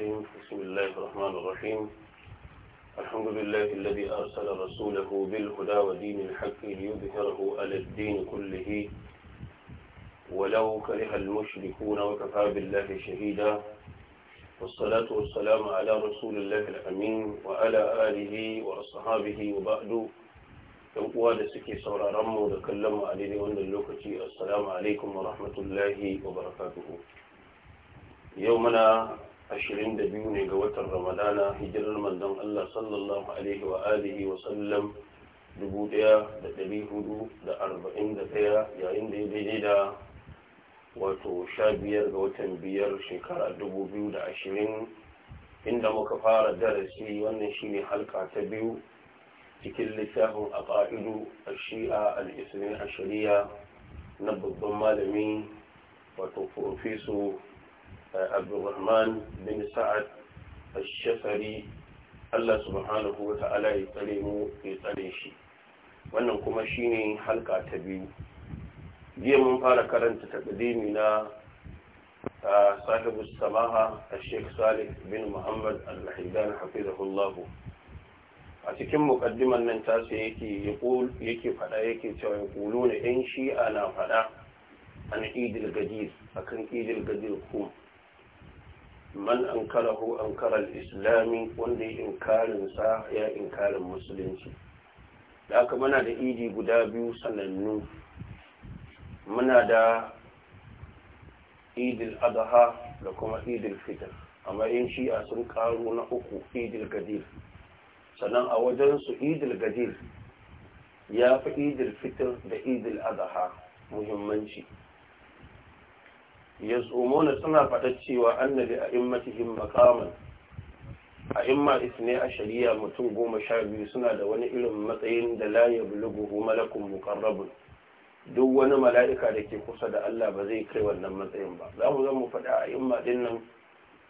بسم الله الرحمن الرحيم الحمد لله الذي أرسل رسوله بالهدى ودين الحق ليظهره على الدين كله ولو كره المشركون وكفى بالله شهيدا والصلاة والسلام على رسول الله الأمين وعلى آله وأصحابه وبعد يوقوا لسكي صورا رمو لكلموا عليه وأن اللوكتي السلام عليكم ورحمة الله وبركاته يومنا ashirin da biyu ne ga watan ramadana hijirar manzon Allah sallallahu alaihi wa alihi wa sallam dubu daya da dari hudu da arba'in da daya yayin da ya daidai da wato sha biyar ga watan biyar shekara dubu biyu da ashirin inda muka fara darasi wannan ne halka ta biyu cikin littafin a ƙa'idu a shi'a al'isirin a shari'a na babban malami wato profeso عبد bin sa'ad al الشفري Allah subhanahu wa ta'ala ya tsare mu ya tsare shi wannan kuma shine halka ta biyu jiya mun fara karanta taqdimi na sahibu samaha al-sheikh salih bin muhammad al-haidan hafizahullah a cikin muqaddiman nan ta sai yake yake fada yake cewa na yan shi'a na fada an idil gadir akan idil gadir kuma man an karahu an karar islami wanda ya inkarinsa ya inkarin musulunci da aka mana da idi guda biyu sanannu muna da idil adha da kuma idil fitar amma yin shi'a sun karu na uku idil gadir sannan a wajensu idil gadir ya fi idil fitar da idil adha muhimmanci yas'umuna suna faɗa cewa annabi a immatihim makaman a imma isne a shari'a mutum goma sha biyu suna da wani irin matsayin da la yablughu malakun muqarrabun duk wani mala'ika da ke kusa da Allah ba zai kai wannan matsayin ba za mu zama faɗa a imma din nan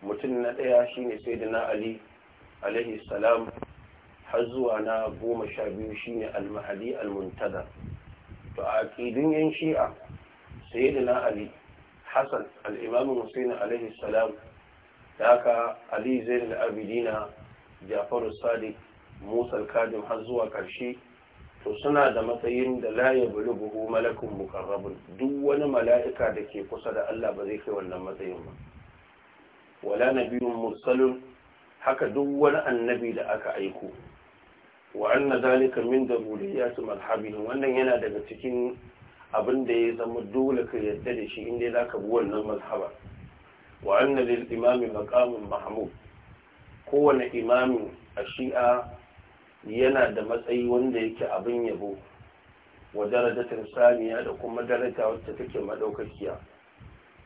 mutum na ɗaya shine na ali alaihi salam har zuwa na goma sha biyu shine al-mahdi to a aqidun yan shi'a sayyidina ali hassan al'imamu Hussein alaihi salam da haka ali zain al'abidina jafaru sadiq musa kadim har zuwa ƙarshe to suna da matsayin da la ya buhu malakun mukarrabun duk wani mala'ika da ke kusa da Allah ba zai kai wannan matsayin ba wala biyun mursalun haka duk wani annabi da aka aiko wa anna zalika min daruriyatil marhabin wannan yana daga cikin abin da ya zama dole ka yarda da shi inda za ka bi wannan mazhaba wa anna lil imami maqamun mahmud kowane imami a shi'a yana da matsayi wanda yake abin yabo wa darajatin saniya da kuma daraja wacce take madaukakiya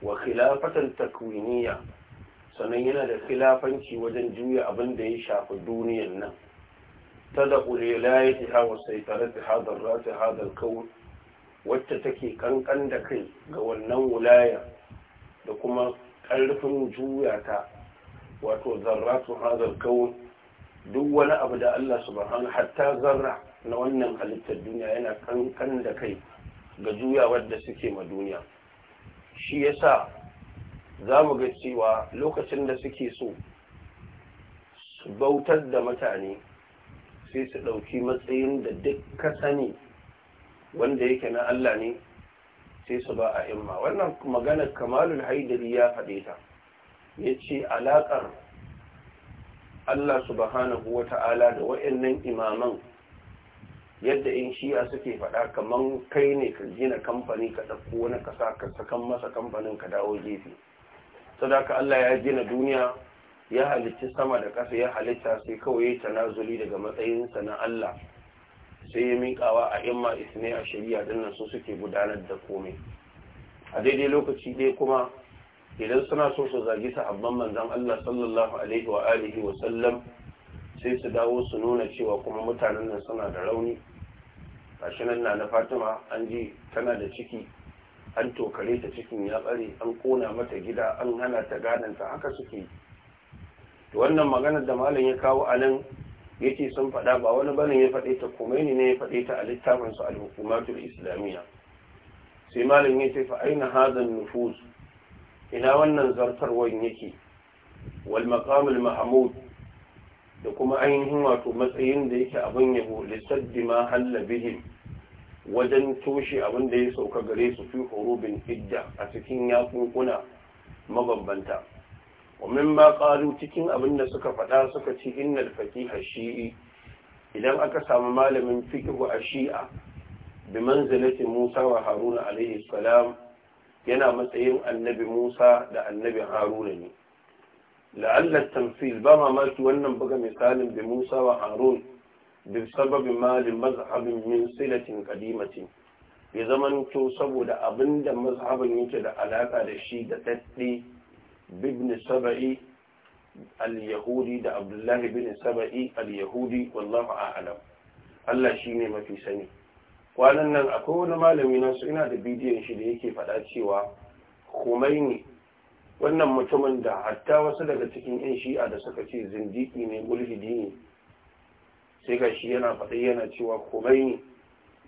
wa khilafatan takwiniya Sanan yana da khilafanci wajen juya abin da ya shafi duniyar nan tada da hawa sai hadar rata hadar wacce take kankan da kai ga wannan wulaya da kuma ƙarfin juya ta wato zarra su hazar kawun duk wani abu da Allah subhanahu hatta zarra na wannan halittar duniya yana kankan da kai ga juyawar da suke ma duniya shi yasa za mu ga cewa lokacin da suke so su bautar da mutane sai su ɗauki matsayin da duk ka sani wanda yake na Allah ne sai su ba a imma wannan maganar kamalul haidari ya faɗe ta ya ce alaƙar Allah subhanahu wa ta'ala da wa'annan imaman yadda in shi'a suke faɗa kamar kai ne ka gina kamfani ka ɗauko wani ƙasa ka sakan masa kamfanin ka dawo gefe sadaka Allah ya gina duniya ya halitta sama da ƙasa ya halitta sai kawai ya tanazuli daga matsayinsa na Allah sai ya miƙawa a yamma isne a shari'a dinnan su suke gudanar da komai a daidai lokaci dai kuma idan suna so su zagi sahabban manzon Allah sallallahu alaihi wa alihi wa sallam sai su dawo su nuna cewa kuma mutanen nan suna da rauni gashi nan na Fatima an ji tana da ciki an tokare ta cikin ya tsare an kona mata gida an hana ta gadanta haka suke wannan maganar da malam ya kawo a nan yace sun faɗa ba wani bane ya faɗe ta Khomeini ne ya faɗe ta a littafinsu sa al-hukumatul islamiyya sai malam ya fa aina hadan nufuz ina wannan zartar yake wal maqam mahmud da kuma ainihin wato matsayin da yake abun yabo lissaddi ma halla bihim wajen toshe abin da ya sauka gare su fi bin idda a cikin yakunkuna mabambanta ومما قالوا تكين أبن سكا فدا سكا إن الفتيح الشيعي إذا أكسى مال من فكه الشيعة بمنزلة موسى وهارون عليه السلام yana matsayin annabi Musa da annabi Haruna ne. La'allar tamfil ba mamaki wannan buga misalin bi Musa wa Harun bi sababin malin mazhabin min silatin kadimatin ya zamanto saboda abinda mazhabin yake da alaka da shi da tsaddi بابن سبعي اليهودي ده عبد الله بن سبعي اليهودي والله اعلم Allah shi ne mafi sani kwanan nan akwai wani malami nasu ina da bidiyon shi da yake faɗa cewa ne. wannan mutumin da hatta wasu daga cikin yan shi'a da suka ce zindiki ne mulhidi ne sai ga shi yana faɗi yana cewa komai ne.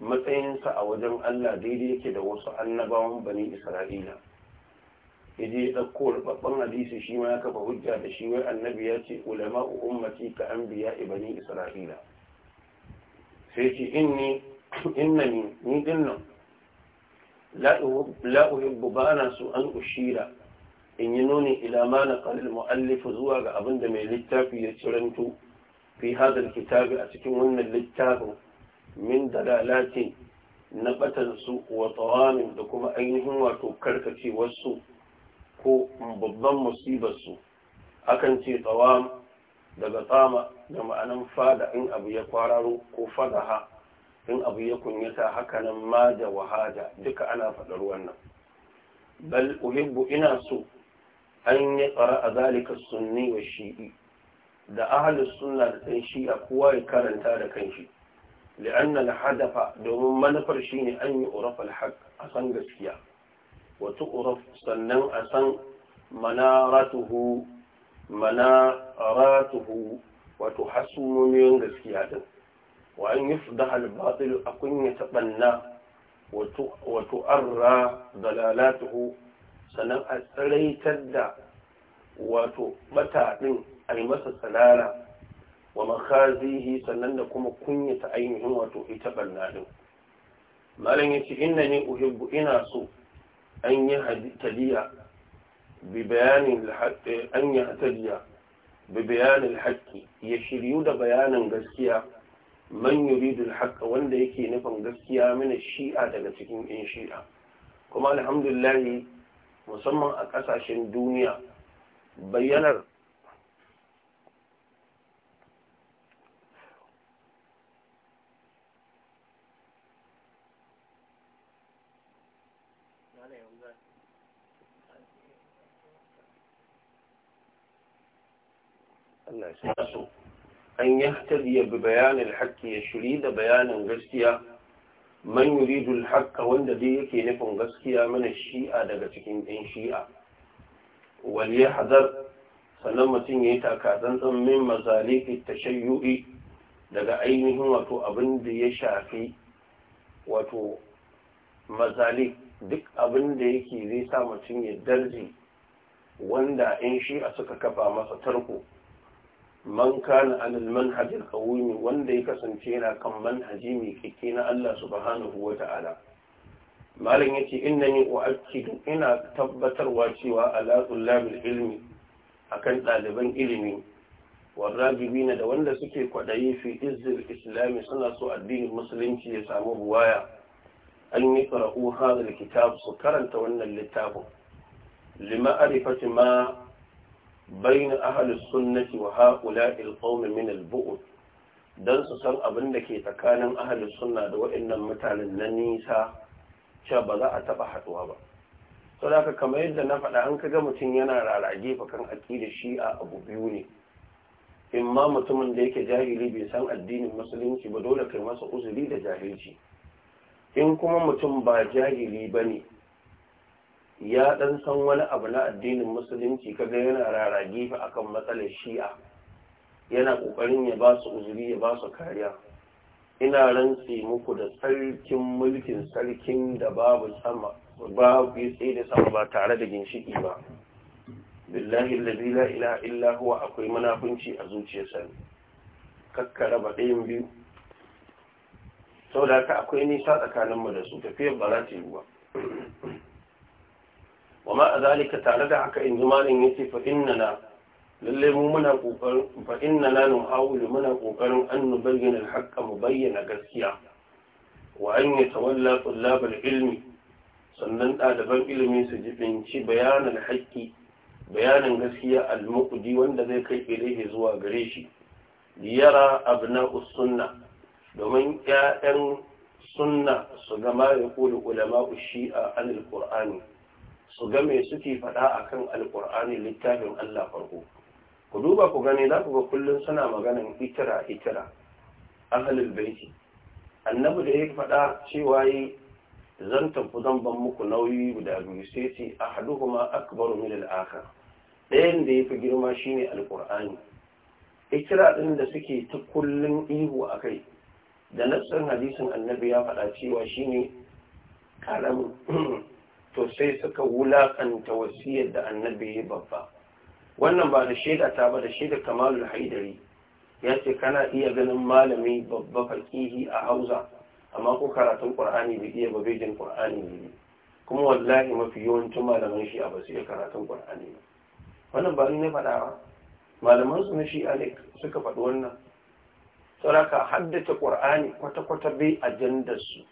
matsayinsa a wajen Allah daidai yake da wasu annabawan bani Isra'ila ya je ɗauko rubabban hadisi shi ma ya kafa hujja da shi wai annabi ya ce ulama ummati ka anbiya ibani isra'ila sai ce inni innani ni dinnan la uhibbu ba na so an ushira in yi nuni ila ma na qalil muallif zuwa ga abin da mai littafi ya ciranto fi hadal kitabi a cikin wannan littafin min dalalati na batansu wa tsawamin da kuma ainihin wato karkacewarsu wasu ko babban musibarsu akan ce tsawam daga tsama da ma'anan fada in abu ya kwararo ko ha in abu ya kunyata hakanan maja wahaja duka ana faɗar wannan bal uhibbu ina so an yi tsara a zalika sunni wa shi'i da ahalus sunna da ɗan shi'a kowa ya karanta da kanshi li'anna al hadafa domin manufar shine an yi urafal haq a san gaskiya wa tu'raf sannan a san manaratuhu manaratuhu wato hasumomin gaskiya din wa an yufdah al-batil akun yatabanna wa tu'arra dalalatuhu sannan a tsiraitar da wato mataɗin a yi masa tsalala wa makazihi sannan da kuma kunyata ainihin wato ita barna din malam ce inna ni uhibbu ina so أن يهتدي ببيان الحق أن يهتدي ببيان الحق يود بيانا غسيا من يريد الحق وان يكي نفن غسيا من الشيعة لتكين إن شيعة كما الحمد لله مصمم أكساش الدنيا بيانا an yahtadiya bi bayanin haƙƙi ya shiri da bayanin gaskiya man yuridul haƙƙa wanda dai yake nufin gaskiya mana shi'a daga cikin ɗan shi'a wal yahzar sannan mutum yayi takatsantsan min mazaliki tashayyu'i daga ainihin wato abin da ya shafi wato mazalik duk abin da yake zai sa mutum ya darji wanda 'yan shi'a suka kafa masa tarko من كان على المنهج القويم وندي كسن فينا كم منهجي ميكينا الله سبحانه وتعالى ما لنيتي إنني أؤكد إن تبت الواتي على طلاب العلم أكن طالبا إلمي والراجبين دوان لسكي قدعي في إز الإسلام صنع سوء الدين المسلم في يسامو بوايا أن يقرأوا هذا الكتاب سكرا تولى اللتاب لما ما, أرفت ما bayin ahalus sunnati wa ha'ula'il qaumi min dan su san abin da ke tsakanin ahalus sunna da waɗannan mutanen na nisa cewa ba za a taɓa haɗuwa ba to da kamar yadda na faɗa an kaga mutum yana rarage fakan shi shi'a abu biyu ne in ma mutumin da yake jahili bai san addinin musulunci ba dole kai masa uzuri da jahilci in kuma mutum ba jahili bane ya dan san wani abu na addinin musulunci kaga yana rarage fa akan matsalar shi'a yana kokarin ya ba su uzuri ya ba su kariya ina rantse muku da sarkin mulkin sarkin da babu sama babu sai da sama ba tare da ginshiki ba billahi allazi la ilaha illa huwa akwai munafunci a zuciyarsa kakkara ba ɗayan biyu saboda haka akwai nisa tsakaninmu da su tafiyar ba za ta yi ba wa a zalika tare da haka in jimalin ya ce fa'innana lallai mu muna ƙoƙarin fa'innana nun hawulu muna ƙoƙarin an nu bayyana haƙƙa mu bayyana gaskiya wa an yi tawalla tsullabar ilmi sannan ɗaliban ilimi su jibinci bayanan haƙƙi bayanin gaskiya al-muqdi wanda zai kai ilaihi zuwa gare shi liyara abna'us sunna domin ƴaƴan sunna su gama ya kula ulama shi'a anil qur'ani su ga me suke faɗa a kan alkur'ani littafin Allah farko ku duba ku gani za ku ga kullum suna maganin itira itira ahlul baiti annabi da ya faɗa cewa yi zan tafi zan ban muku nauyi guda biyu sai ce ahaduhuma akbaru min al-akhar ɗayan da yafi girma shine alqur'ani ikira ɗin da suke ta kullum ihu akai da nassan hadisin annabi ya faɗa cewa shine ƙaramin. to sai suka wulakanta wasiyar da annabi ya babba wannan ba da shaida ta ba da shaida kamalul haidari ya ce kana iya ganin malami babba fakihi a hausa amma ko karatun qur'ani bai iya ba babejin qur'ani ne kuma wallahi mafi yawancin malaman shi a basu iya karatun qur'ani ne wannan ba ni ne faɗa ba malaman su na shi ne suka faɗi wannan sauraka haddace qur'ani kwata-kwata bai ajandar su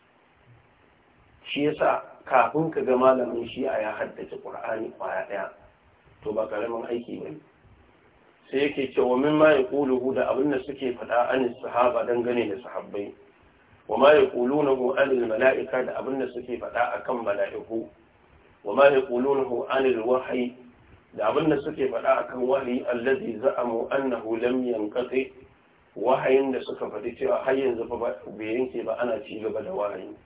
shi yasa kafin ka ga malamin shi'a ya haddace ƙur'ani kwaya ɗaya to ba ƙaramin aiki ba sai yake cewa min ma ya ƙuluhu da abin da suke faɗa an sahaba dangane da sahabbai wa ma ya ƙulunahu anil mala'ika da abin da suke faɗa akan mala'iku wa ma ya ƙulunahu anil wahayi da abin da suke faɗa akan wahayi allazi za'amu annahu lam yankate wahayin da suka faɗi cewa har yanzu ba bai yanke ba ana ci gaba da wahayi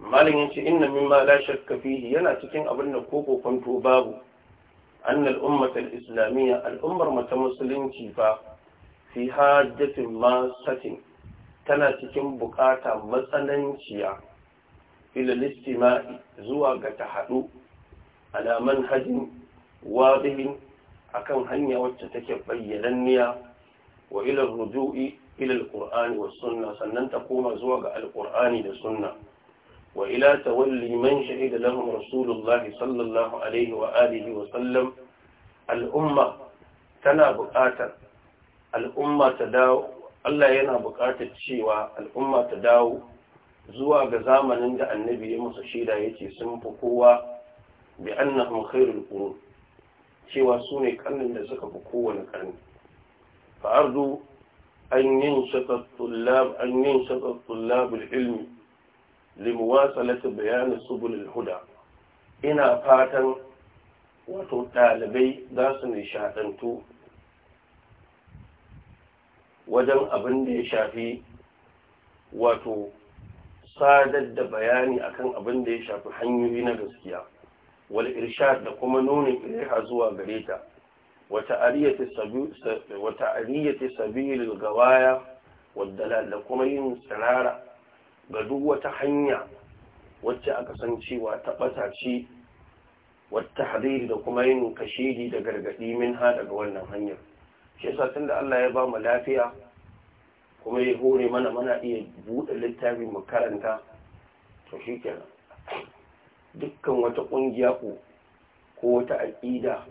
malin ya ce inna mimma la shakka fihi yana cikin abin da ko kokonto babu annal ummatul islamiyya al'ummar mata musulunci fa fi hajjatin satin tana cikin bukata matsananciya ilal istima'i zuwa ga ta haɗu ala manhajin wadihin akan hanya wacce take bayyananniya wa ilal ruju'i ilal qur'ani was sunna sannan ta koma zuwa ga alqur'ani da sunna وإلى تولي من شهد لهم رسول الله صلى الله عليه وآله وسلم الأمة تنا بقاتا الأمة تداو الله ينا بقاتا تشيوا الأمة تداو زوا غزاما عند النبي يمس شيدا يتي سنفقوا بأنهم خير القرون شيوا سوني كان لزكا بقوة نكرن فأرجو أن ينشط الطلاب أن ينشط الطلاب العلمي muwasalata bayanin subulul huda ina fatan wato ɗalibai za su nishaɗantu wajen abin da ya shafi wato sadar da bayani akan abin da ya shafi hanyoyi na gaskiya wal irshad da kuma nuna ilaiha zuwa gare ta wata ariyati sabilil gawaya wadda da kuma yin tsirara ga duk wata hanya wacce aka san cewa ta ɓata ce wata hadiri da kuma yin kashedi da gargaɗi min daga wannan hanyar shi yasa tun da Allah ya ba mu lafiya kuma ya hore mana mana iya buɗe littafi mu karanta to shi kenan dukkan wata ƙungiya ko ko wata aƙida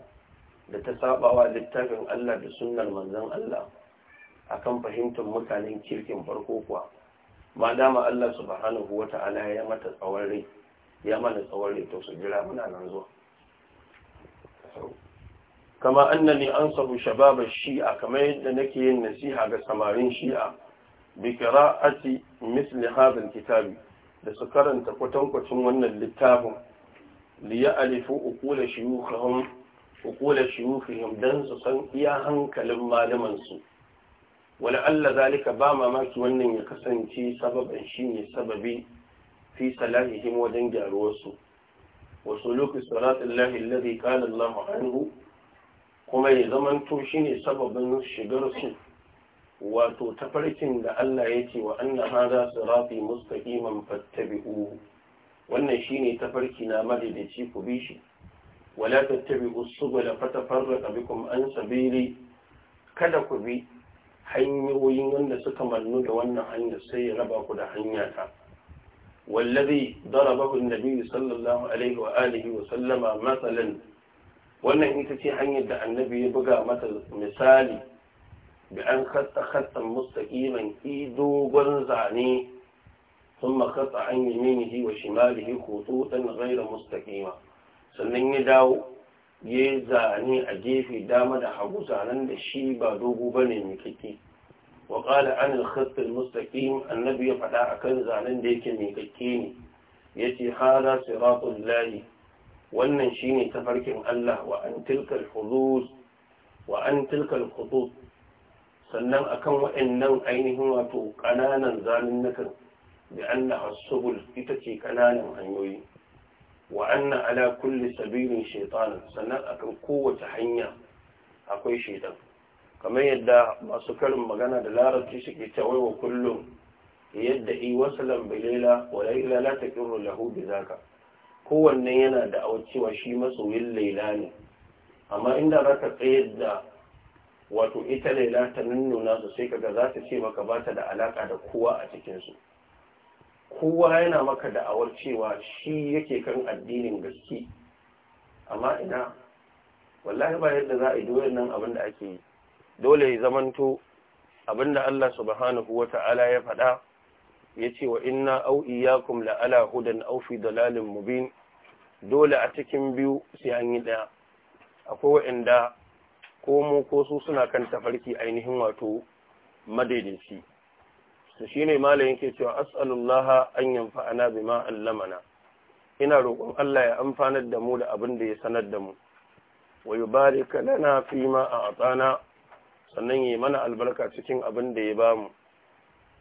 da ta sabawa littafin Allah da sunnar manzon Allah akan fahimtar mutanen kirkin farko kuwa ma dama Allah subhanahu wa ta'ala ya mata tsawon ya mana tsawon rai to su jira muna nan zuwa kama annani an sabu shababar shi'a kamar yadda nake yin nasiha ga samarin shi'a bi qira'ati misli hadha alkitab da su karanta kwatankwacin wannan littafin li ya'rifu uqula shuyukhihim uqula shuyukhihim dan su san iya hankalin malaman su wala Allah zalika ba mamaki wannan ya kasance sababin shi ne sababi fi salahihim wajen gyaruwarsu Wasu lokacin salatin lahi alladhi qala Allah kuma ya zamanto ne sababin shigar su wato tafarkin da Allah ya ce wa anna hada sirati fattabi fattabi'u wannan ta tafarki na madadaci ku bi shi wala tattabi'u subula bi kuma an sabili kada ku bi hanyoyin wanda suka mannu da wannan hanya sai ya raba ku da hanya ta wallazi darabahu annabi sallallahu alaihi wa alihi wa sallama masalan wannan ita ce hanyar da annabi ya buga mata misali bi an khatta khatta mustaqiman ki dogon zane ثم قطع عن يمينه وشماله خطوطا غير مستقيمة sannan ya dawo ya zane a gefe dama da hagu zanen da shi ba dogo ba ne mai kake wa kala an alkhastar mustaƙim annabi ya faɗa a kan zanen da yake mai kake ne ya ce hada siratun layi wannan shi ne tafarkin Allah wa an tilkal hudud wa an tilkal hudud sannan akan waɗannan ainihin wato ƙananan zanunnukan da an na ita ce ƙananan hanyoyi wa anna ala kulli sabirin shaitan sannan akan kowace hanya akwai shaitan kamar yadda masu karin magana da larabci suke cewa wa kullum yadda i wasalan bilaila wa laila la taqirru lahu bizaka kowanne yana da cewa shi masoyin laila ne amma inda zaka tsayar da wato ita laila ta nunnuna su sai kaga za ta ce maka ba ta da alaka da kowa a cikin su kowa yana maka da'awar cewa shi yake kan addinin gaske amma ina wallahi ba yadda za a yi doyar nan abin da ake yi dole ya zamanto abin da Allah subhanahu wa ta'ala ya faɗa ya ce wa inna au iyakum ala hudan aufi fi dalalin mubin dole a cikin biyu sai an yi ɗaya akwai wa'inda ko mu ko su suna kan tafarki ainihin wato madaidaici to shine malamin yake cewa as'alullaha an yanfa'ana ma allamana ina roƙon Allah ya amfanar da mu da abin da ya sanar da mu wa yubarika lana fima a'tana sannan yi mana albarka cikin abin da ya bamu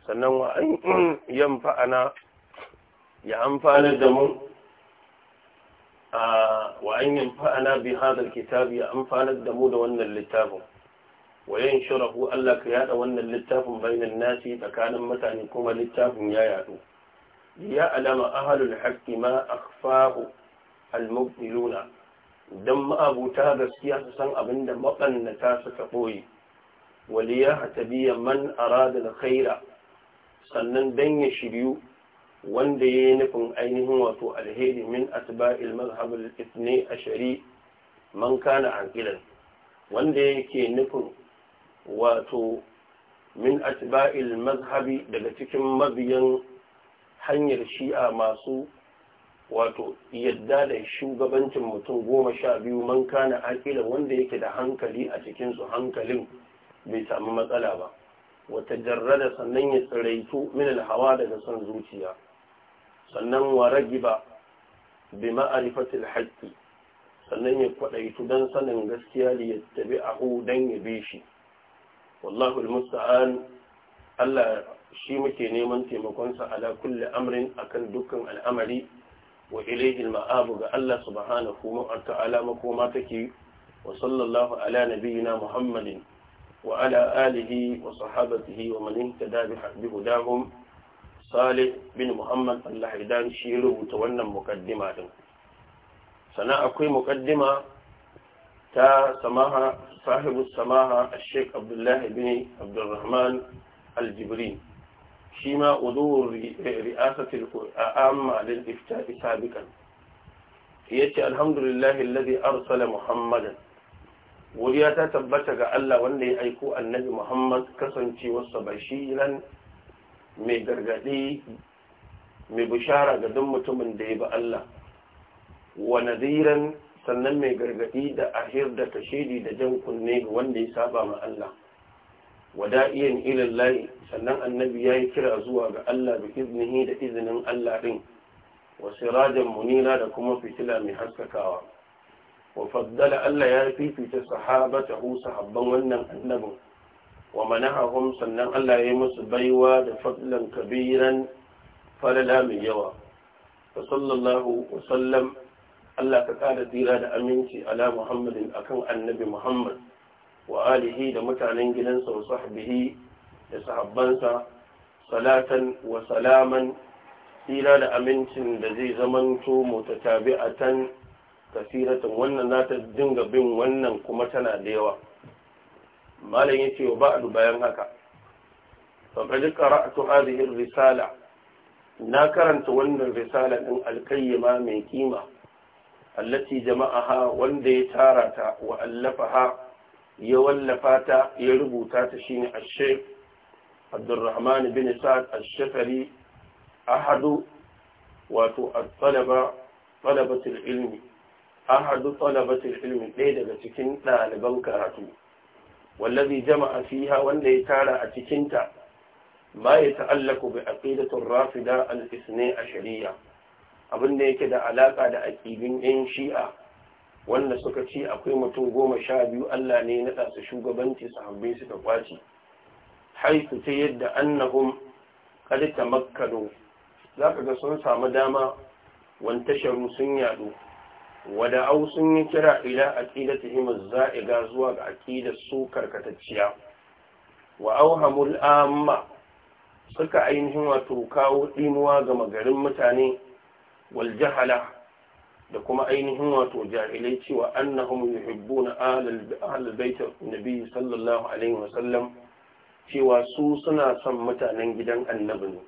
sannan wa an yanfa'ana ya amfanar da mu ah, wa an yanfa'ana bi hadha alkitabi ya amfanar da mu da wannan littafin وينشره ألا كياد وأن اللتاف بين الناس فكان متعني كما اللتاف يا يادو ليألم أهل الحق ما أخفاه المبدلون دم أبو تاب سياسه سن أبن مطن نتاس تقوي وليها تبي من أراد الخير سنن بين شبيو وندينكم هو وفو الهيد من أتباع المذهب الاثني أشري من كان عقلا وندينكم wato min asba'il mazhabi daga cikin mabiyan hanyar shi'a masu wato yadda da shugabancin mutum goma sha biyu man kana akila wanda yake da hankali a cikinsu hankalin bai samu matsala ba wata jarrada sannan ya tsiraitu min hawa daga son zuciya sannan wa ragiba bi ma'arifatil haqqi sannan ya kwadaitu dan sanin gaskiya da ya tabi ahu dan ya bi shi wallahu almusta'an Allah shi muke neman taimakonsa ala kulli amrin akan dukkan al'amari wa ilayhi al-ma'abu ga Allah subhanahu wa ta'ala makoma take wa sallallahu ala nabiyyina Muhammadin wa ala alihi wa sahabatihi wa man ihtada bi hudahum Salih bin Muhammad Allah idan shi rubuta wannan mukaddima din sana akwai mukaddima ta samaha sahibu samaha a sheik abdullahi bin abdulrahman aljibri shi ma uzuwar eh, ri'asatul qur'an ma lil ifta'i sabiqan yace alhamdulillahi alladhi arsala muhammadan wuriya ta tabbata ga Allah wanda ya aiko annabi muhammad kasancewa sabashiran mai gargadi mai bushara ga dukkan mutumin da ya bi Allah wa nadiran sannan mai gargadi da ahir da kashedi da jan kunne ga wanda ya saba ma Allah wada'iyan ilallahi sannan annabi ya yi kira zuwa ga Allah bi iznihi da izinin Allah ɗin wa sirajan munira da kuma fitila mai haskakawa wa faddala Allah ya fifita sahabatahu sahabban wannan annabin wa manahahum sannan Allah ya yi musu baiwa da fadlan kabiran falala mai yawa fa sallallahu wa sallam Allah ka ƙara tsira da aminci ala Muhammadin akan annabi Muhammad wa alihi da mutanen gidansa wa sahbihi da sahabbansa salatan wa salaman tsira da amincin da zai zamanto mutatabi'atan kasiratan wannan za ta dinga bin wannan kuma tana da yawa malam yace wa ba bayan haka faqad qara'tu ra'atu ar-risala na karanta wannan risala ɗin alkayyama mai kima التي جمعها وندتارتا وألفها يولفاتا يربوتا تشين الشيخ عبد الرحمن بن سعد الشفري أحد واتو الطلبة طلبة العلم أحد طلبة العلم ليدة تكين طالبا كاراتو والذي جمع فيها وندتارا أتكينتا ما يتعلق بعقيدة الرافدة الاثني عشرية abin da yake da alaka da aƙidin yan shi'a wanda suka ce akwai mutum goma sha biyu Allah ne na su shugabanci sahabbai suka kwaci haifu ta yadda annahum qad Za ka ga sun samu dama wantasharu sun yadu wada au sun yi kira ila aqidatihim az-za'iga zuwa ga aqidar su karkatacciya wa au hamul amma suka ainihin wato kawo dimuwa ga magarin mutane wal da kuma ainihin wato jahilai cewa annahum yuhibbuna ahlal bait nabi sallallahu alaihi cewa su suna son mutanen gidan annabi ne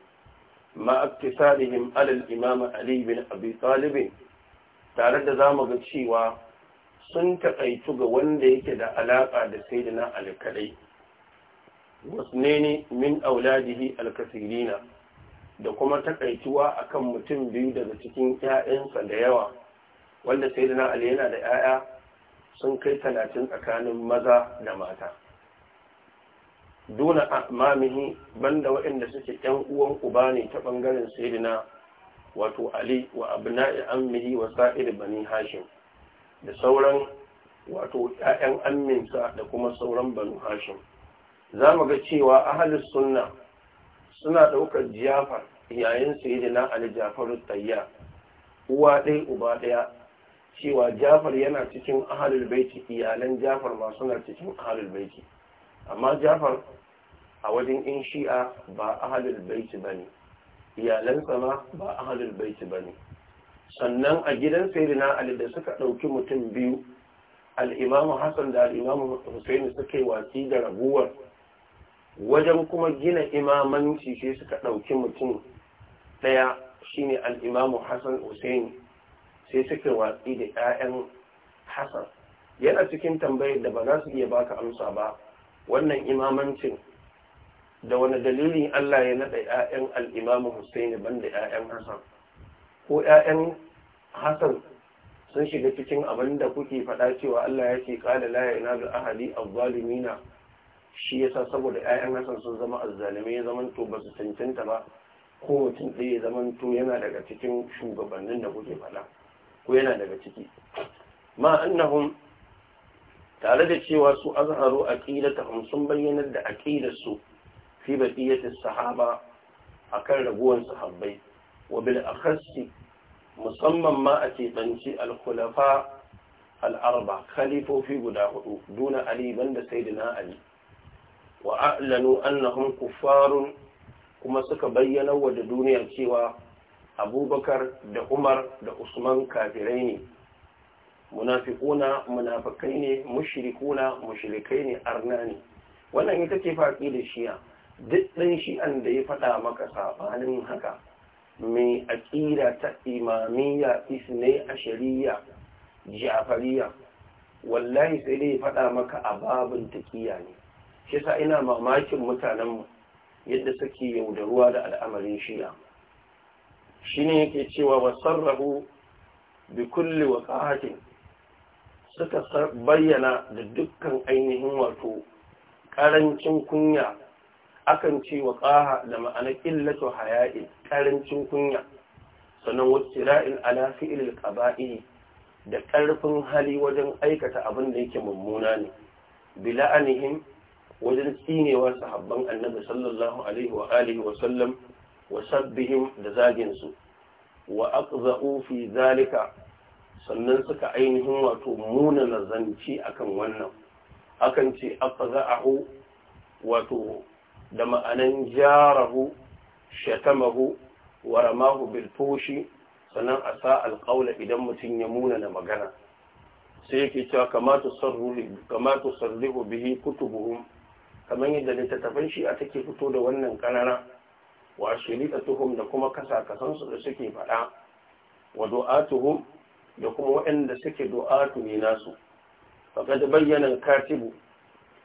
ma iktisarihim alal imam ali bin abi talib tare da zamu ga cewa sun takaitu ga wanda yake da alaƙa da sayyidina ali kadai wasnene min auladihi alkasirina da kuma takaituwa akan mutum biyu daga cikin 'ya'yansa da yawa wanda sai ali yana da 'ya'ya sun kai talatin tsakanin maza da mata duna mamihi banda waɗanda suke 'yan uwan uba ne ta ɓangaren sayidina wato ali wa abna'i ammihi wa sa'id bani hashim da sauran wato 'ya'yan amminsa da kuma sauran Bani hashim za mu ga cewa ahalus sunna suna ɗaukar jiyafar yayin na ali jafaru tsayya uwa ɗaya uba ɗaya cewa jafar yana cikin ahalul baiti iyalan jafar ma suna cikin ahalul baiti amma jafar a wajen in shi'a ba ahalul baiti bane iyalansa ma ba ahalul baiti bane sannan a gidan sayyidina ali da suka ɗauki mutum biyu al-imamu hasan da al-imamu husaini suka yi watsi da rabuwar. wajen kuma gina imamanci sai suka ɗauki mutum ɗaya shine al'imamu hassan hussein sai suka watsi da 'ya'yan hassan yana cikin tambayar da ba za su iya baka amsa ba wannan imamancin da wani dalilin allah ya naɗa 'ya'yan al'imamu hussein ban da 'ya'yan hassan ko 'ya'yan hassan sun shiga cikin abin da kuke faɗa cewa allah ya ce ƙada la ga ahadi a zalimina shi yasa saboda 'ya'yan Hassan sun zama azzalumai ya zama to ba su cancanta ba ko mutum ɗaya ya zama to yana daga cikin shugabannin da kuke faɗa ko yana daga ciki ma annahum tare da cewa su azharu aqidata hum sun bayyanar da aqidar su fi baqiyati sahaba akan raguwar sahabbai wa bil akhassi musamman ma a tebanci al-khulafa al-arba khalifofi guda hudu duna ali banda sayyidina ali wa a'lanu annahum kuffarun kuma suka bayyana wa da duniya cewa abubakar da umar da usman kafirai ne munafiquna munafikai ne mushrikuna mushrikai ne arna ne wannan ita ce faɗi da shiya duk ɗan shi'an da ya faɗa maka sabanin haka mai aƙira ta imamiyya isne a shari'a jafariya wallahi sai dai faɗa maka a babin taƙiya ne shi yasa ina mamakin mutanenmu yadda suke yaudaruwa da al'amarin shi'a shi ne yake cewa wasarrahu bi kulli waqa'atin suka bayyana da dukkan ainihin wato ƙarancin kunya akan ce ƙaha da ma'anar illatu haya'i ƙarancin kunya sannan ra'in ala fi'il qaba'i da ƙarfin hali wajen aikata abin da yake mummuna ne bila'anihim wajen tsinewa sahabban annabi sallallahu alaihi wa alihi wa sallam wa sabbihim da zagin su wa aqza'u fi zalika sannan suka ainihin wato muna nazanci akan wannan akan ce aqza'u wato da ma'anan jarahu shatamahu wa ramahu bil fushi sannan a sa alƙaula idan mutun ya muna na magana sai yake cewa kamata sarrihu bihi kutubuhum kamar yadda littattafan a take fito da wannan kanana wa shirita tuhum da kuma kasa kasansu da suke faɗa wa du'atuhum da kuma waɗanda suke du'atu ne nasu da bayyana katibu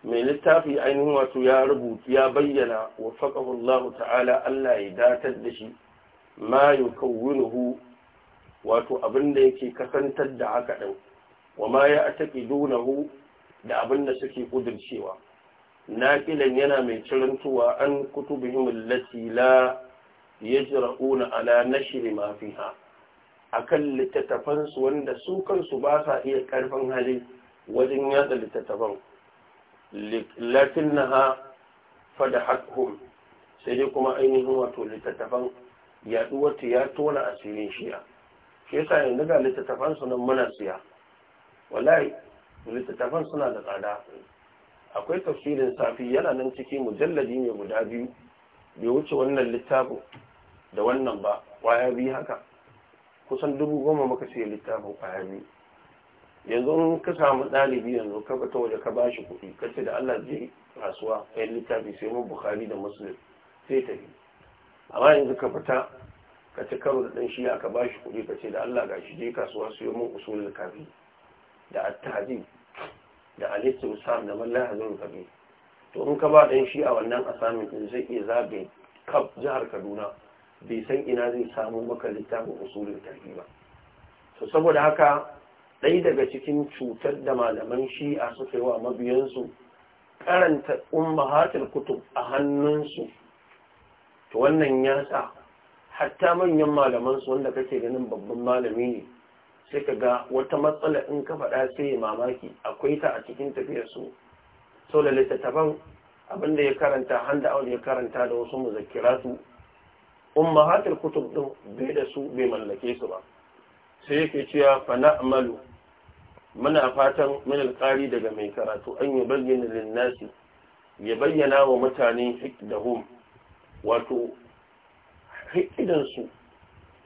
mai littafi ainihin wato ya rubuta ya bayyana wa faƙahu Allah ta'ala Allah ya datar da shi ma yukawwinuhu wato abin da yake kasantar da haka din wa ma ya ataqidunahu da abin da suke kudircewa naƙilan yana mai cirantuwa an kutubihim allati la yajra'una ala nashri ma fiha akan littattafan su wanda su kansu ba sa iya karfin hali wajen yada littattafan lakinnaha fadahathum sai dai kuma ainihin wato littattafan yaduwar ta ya tona asirin shiya shi yasa yanzu ga littattafan su nan muna siya wallahi littattafan suna da tsada akwai tafsirin safi yana nan ciki mujalladi ne guda biyu bai wuce wannan littafin da wannan ba kwaya biyu haka kusan dubu goma muka sai littafin kwaya biyu yanzu in ka samu ɗalibi yanzu ka fita waje ka bashi kuɗi ka ce da Allah zai kasuwa yin littafi sai mun bukari da Muslim sai tafi amma yanzu ka fita ka ci karo da ɗan shiya ka bashi kuɗi ka ce da Allah gashi je kasuwa sai mun usulul kafi da attahadi. da alisti Sam da mallah hazin kabi to in ka ba ɗan shi a wannan asamin ɗin zai iya zabe kaf jihar kaduna bai san ina zai samu maka littafin usulin tarihi ba to saboda haka ɗaya daga cikin cutar da malaman shi'a suka wa mabiyansu karanta ummahatul kutub a hannunsu to wannan ya hatta manyan malamansu wanda kake ganin babban malami ne sai ka ga wata matsala in ka faɗa sai ya mamaki akwai ta a cikin tafiyar su sau da littattafan abinda ya karanta handa awon ya karanta da wasu muzakiratu ummahatul kutub ɗin bai da su bai mallake su ba sai yake cewa fa na'malu muna fatan min alqari daga mai karatu an yi bayyana lin ya bayyana wa mutane hikdahum wato hikidansu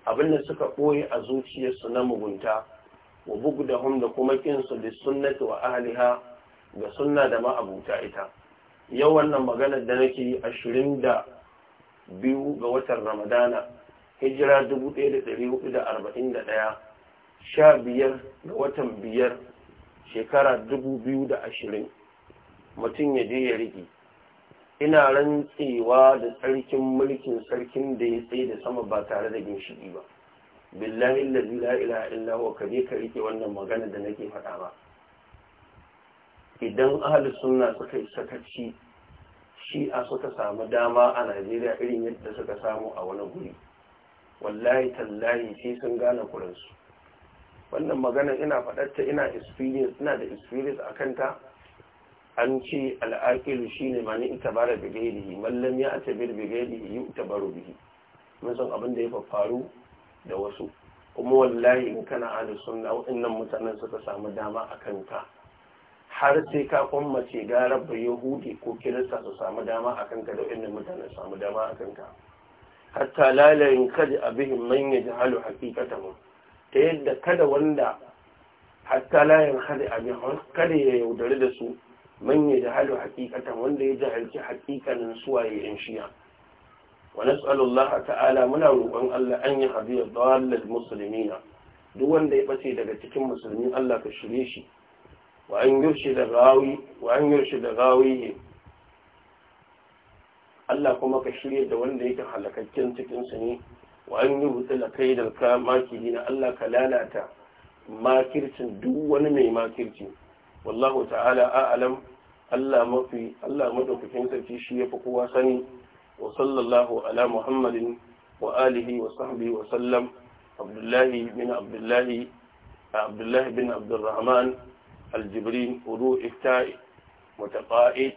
abinda suka ɓoye a zuciyarsu na mugunta wa bugu da hum da kuma kinsu da sunnati wa ahliha ga sunna da ma'abuta ita yau wannan maganar da nake yi ashirin da biyu ga watan ramadana hijira dubu ɗaya da ɗari hudu da arba'in da ɗaya sha biyar ga watan biyar shekara dubu biyu da ashirin mutum ya je ya rigi ina rantsewa da tsarkin mulkin sarkin da ya tsaye da sama ba tare da ginshiɗi ba billahi allazi la ilaha illa huwa ka ka rike wannan magana da nake faɗa ba idan ahlus sunna suka yi sakaci shi'a suka samu dama a Najeriya irin yadda suka samu a wani guri wallahi tallahi sai sun gane kuransu wannan magana ina faɗarta ina experience ina da experience a kanta an ce al'aƙilu shi ne mani ita bara yi mallam ya ta bir da yi ta baro bihi mun san abin da ya faru da wasu kuma wallahi in kana ahli sunna waɗannan mutanen suka samu dama a kanka har sai ka mace gara yahudi ko kirista su samu dama a kanka da waɗannan mutanen samu dama a kanka hatta lalayin kaji abihin man ya ji halu hakikatamu ta yadda kada wanda hatta layin hadi abin kada ya yaudari da su man ya jahalu hakikatan wanda ya jahalci hakikanin suwaye yan shiya wa nas'alullaha ta'ala muna roƙon Allah an yi hadiya dallal muslimina duk wanda ya bace daga cikin musulmi Allah ka shirye shi wa an yurshi wa an yurshi da gawi Allah kuma ka shirya da wanda yake halakakken cikin ne wa an yi da Allah ka lalata makircin duk wani mai makirci wallahu ta'ala a'lam Allah mafi Allah madaukakin sarki shi yafi kowa sani wa sallallahu ala muhammadin wa wa sahbihi wa sallam abdullahi bin abdullahi aljibrin wudu ifta'i mutaqa'id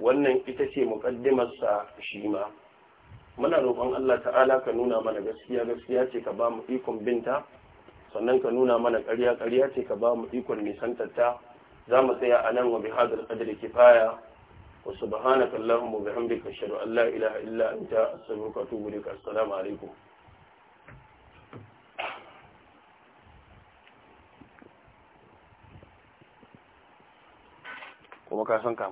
wannan ita ce muƙaddimarsa sa shi ma muna roƙon Allah ta'ala ka nuna mana gaskiya gaskiya ce ka ba mu ikon binta sannan ka nuna mana ƙarya ƙarya ce ka ba mu ikon nisantarta za mu tsaya a nan wa bi hadar qadri kifaya wa subhanaka allahumma wa bihamdika ashhadu an la ilaha illa anta astaghfiruka wa atubu ilaik assalamu alaikum kuma ka san